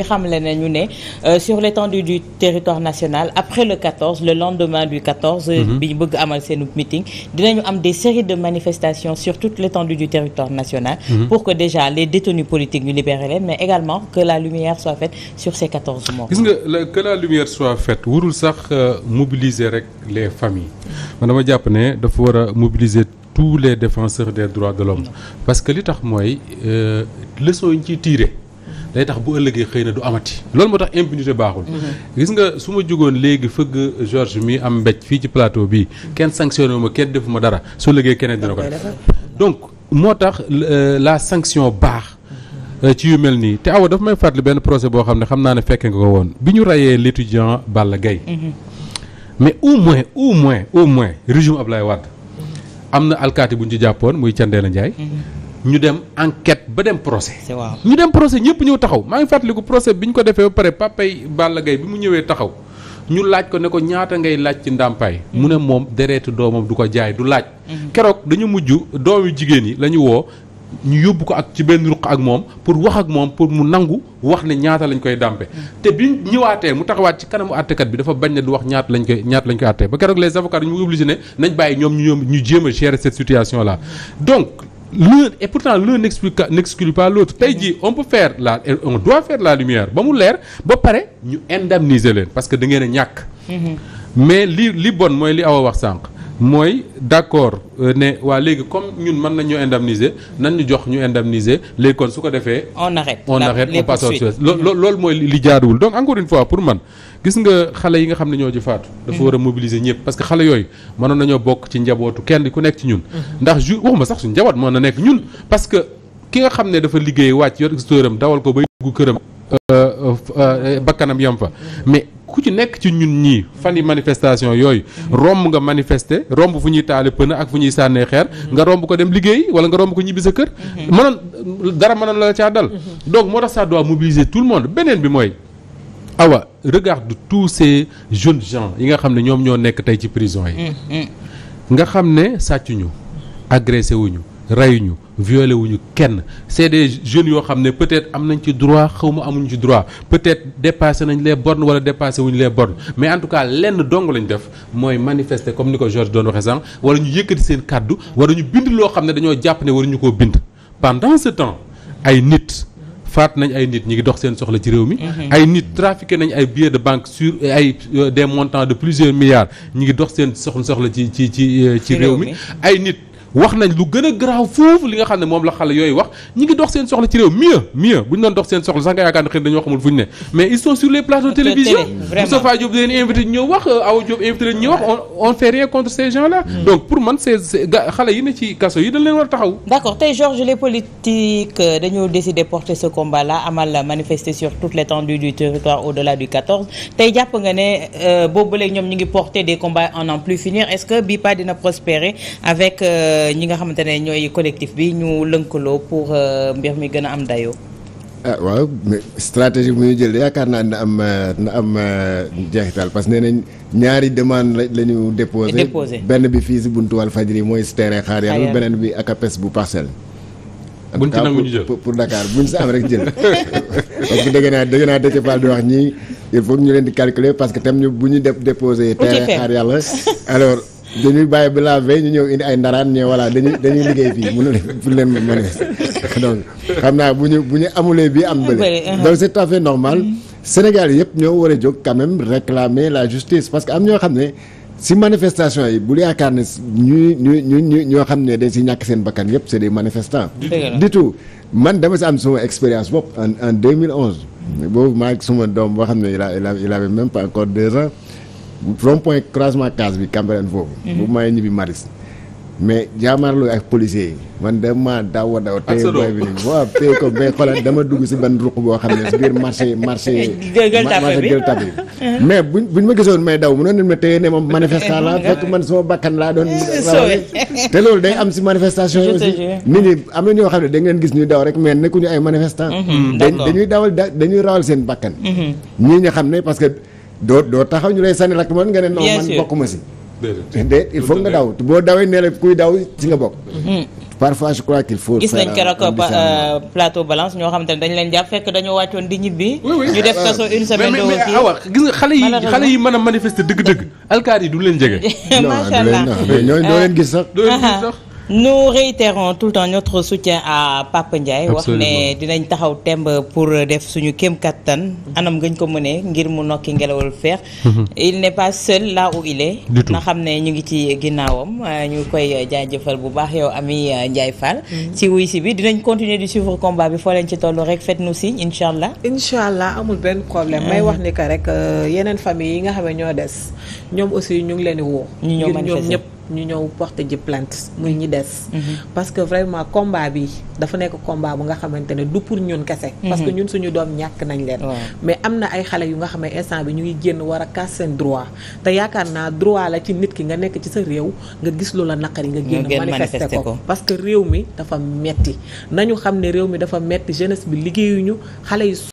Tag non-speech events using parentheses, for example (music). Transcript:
bi xam nañu ne euh, sur l'étendue du territoire national après le 14 le lendemain du 14. Mhm. bi ñu bëgg amal seen meeting dinañu am des séries de manifestations sur toute l'étendue du territoire national. Mm-hmm. pour que déjà les détenus politiques ñu libéré mais également que la lumière soit faite sur ces 14 morts. gis nga que la lumière soit faite warul sax euh, mobiliser rek les familles man dama jàpp ne dafa war mobiliser tous les défenseurs des droits de l'homme parce que li tax mooy euh, leçon yi ñu ciy tiré. day tax bu ëllëgee xëy na du amati loolu moo tax impunité baaxul mhm. gis nga su ma jugoon léegi fëgg Georges mi am mbéj fii ci plateau bi kenn sanctionné wu ma kenn defu ma dara su ëllëgee keneen dina ko def donc moo tax euh, la sanction baax euh, ci yu mel nii te awa dafa may fàttali benn procès boo xam ne xam naa ne fekke nga ko woon bi ñu rayee l' étudiant Balla Gaye mhm. mais au moins au moins au moins régime Ablaye Wade mhm. am na alkaati bu ñu ci jàppoon muy Thiendella Ndiaye ñu ba dem procès. waaw ñu dem procès ñëpp ñëw taxaw maa ngi fàttaliku procès bi ñu ko defee ba pare papay Balla Gaye bi mu ñëwee taxaw ñu laaj ko ne ko ñaata ngay laaj ci ndàmpaay. mu ne moom dereetu doomam du ko jaay du laaj. Mhm. keroog dañu mujj doomi jigéen yi la ñu woo. ñu yóbbu ko ak ci benn ruq ak moom pour wax ak moom pour mu nangu wax ne ñaata lañ koy dàmpe mhm. te bi ñëwaatee mu taxawaat ci kanamu àttekat bi dafa bañ ne du wax ñaata lañ koy ñaata lañ koy àttee ba keroog les avocats ñu obligé ne nañ bàyyi ñoom ñu ñu jéem a gérer cette situation mhm. donc l'un et pourtant l'un n'exclut pas l'autre tey jii on peut faire la on doit faire la lumière ba mu leer ba pare ñu indemniser leen parce que da ngeen ñàkk mhm. mais li li bon mooy li awa wax sànq mooy d'accord euh, ne waa léegi comme ñun mën nañu ñu indemniser nan ñu jox ñu indemniser léegi kon su ko defee. on arrête on arrête on passe autre chose loolu mooy li jaaduwul donc encore une fois pour man gis nga xale yi nga xam ne ñoo ci faatu. dafa war a mobiliser ñëpp parce que xale yooyu mënoon nañoo bokk ci njabootu kenn ku nekk ci ñun. Mhm. ndax ju waxuma sax suñu njaboot moo na nekk ñun parce que ki nga xam ne dafa liggéey wàcc yor histoire am dawal ko bay dugg këram euh, euh, bakkanam yam fa mhm. ku ci nekk ci ñun ñii fan yi manifestation yooyu romb nga manifester romb fu ñuy taale pën ak fu ñuy sànnee xeer nga romb ko dem liggéey wala nga romb ko ñibbi sa kër mënoon dara mënoon la caa dal donc moo tax ça mobiliser tout le monde beneen bi mooy awa regarde tous ces jeunes gens yi nga xam ne ñoom ñoo nekk tey ci prison yi mm, mm. nga xam ne sàccuñu agressé wuñu reyuñu violé wuñu kenn c'est des jeunes yoo xam ne peut-être am nañ ci droit xaw ma amuñ ci droit peut-être dépassé nañ les bornes wala dépassé wuñ les bornes mais en tout cas lenn dong lañ def mooy manifester comme ni ko Georges doon waxee sànq wala ñu yëkkati seen kàddu wala ñu bind loo xam ne dañoo jàpp ne waruñu koo bind pendant ce temps ay nit faat nañ ay nit ñi ngi dox seen soxla ci réew mi. Mhm. ay nit trafiqué nañ ay billets de banque sur euh, ay euh, des montants de plusieurs milliards ñi ngi dox seen soxla soxla ci ci ci euh, ci réew mi ay nit. wax nañ lu gën a garaaw foofu li nga xam ne moom la xale yooyu wax ñi ngi dox seen soxla ci réew mieux mieux bu ñu doon dox seen soxla sax nga yaakaar ne xëy na dañoo xamul fu ñu ne mais ils sont sur les plateaux de télévision on fait rien contre ces gens là mm. donc pour man ces xale yi ne ci euh, porter ce combat là amal manifester sur toute l'étendue du territoire au-delà du tey jàpp nga ne euh, boobu léegi ñoom ñu ngi porter des combats en en plus finir est-ce que bi pas dina prospérer avec euh, ñi nga xamante ne ñooy collectif bi ñu lënkaloo pour euh, mbir mi gën a am dayoo. ah waaw mais stratégie bu ñu jël yaakaar naa na am euh, na am euh, jeexital parce que nee nañ ñaari demande la ñu déposé benn bi fii si buntu Walfadjri mooy si terrain xaar yàlla beneen bi akapes bu parcelle buñ ci nangu ñu jël pour Dakar buñ si am rek jël (laughs) parce que dégg naa dégg naa Déthié di wax ñi il faut ñu leen di calculer parce que tam ñu bu ñu def déposé terrain xaar yàlla alors dañuy bàyyi ba la veille ñu ñëw indi ay ndaraan ñu voilà dañuy dañuy liggéey fii mënu leen fu leen mën (laughs) donc xam naa bu ñu bu ñu amulee bii am bële uh-huh. donc c'est tout à fait normal mm-hmm. Sénégal yëpp ñoo war a jóg quand même réclamer la justice parce que am ñoo xam ne si manifestation yi bul yaakaar ne ñuy ñu ñu ñu ñoo xam ne dañ si ñàkk seen bakkan yëpp c'est des manifestants du tout man dama si am suma expérience bopp en en 2011 boobu maa suma doom boo xam ne il a il avait même pas encore deux rond point croisement case bi Cambérène foofu. Mhm. bu may ñibbi Maris. mais jaamaarloo ak policiers yi man dama daw a daw. ak sa doom bi waaw tey ko mais dama dugg si ban ruq boo xam ne si biir marché marché. (laughs) Gueule Tapée bi mhm. mais buñ buñ ma gisoon may daw mënoon nañ ma téye ne ma manifestant laa fekk man sama bakkan laa doon. Mhm, te loolu day am si manifestation yi aussi. nit ñi am na ñoo xam ne da ngeen gis ñuy daw rek mais nekkuñu ay manifestant dañuy dawal dañuy rawal seen bakkan. ñii nga xam ne parce que. doo doo taxaw ñu lay sànni lakk man nga ne non man bokkuma si déet il faut nga daw boo dawee nee kuy daw si nga bokk hmm. parfois je crois faut gis nañ keroog euh, plateau balance ñoo xamante ne dañ leen jàpp fekk dañoo wàccoon di ñibbi ñu def kaso euh, une semaine de aussi awa ah gis nga xale yi xale yi mën a manifester dëgg-dëgg (laughs) alkaar du leen jege (laughs) euh, doo leen gis (laughs) sax Nous réitérons tout le temps notre soutien à Papa Ndiaye wax ne dinañ taxaw temb pour def suñu kéem kattan anam gañ ko mënee ngir mu nokki ngelawal feex mhm. il n'est pas seul là où il na xam ne ñu ngi ci ginnaawam ñu koy jaajëfal bu baax yow Ami Ndiaye Fall mhm. ci wuy si bi dinañ continuer di suivre combat bi foo leen ci tollu rek faites nous signe incha allah incha allah amul benn problème may mhm. wax ni que rek euh, yeneen famille yi nga xam ne ñoo des ñoom aussi ñu ngi leen di woo ñoom ñëpp ñu ñëw porter ji plainte muy ñi des mhm. parce que vraiment combat bi dafa nekk combat bu nga xamante ne du pour ñun kese parce que mhm. ñun suñu doom ñàkk nañ leen mais am na ay xale yu nga xam ne instant bi ñu ngi génn war a kaas seen droit te yaakaar naa droit la ci nit ki nga nekk ci sa réew nga gis lu la naqari nga génn manifester ko parce que réew mi dafa metti nañu xam ne réew mi dafa metti jeunesse bi liggéeyuñu xale yi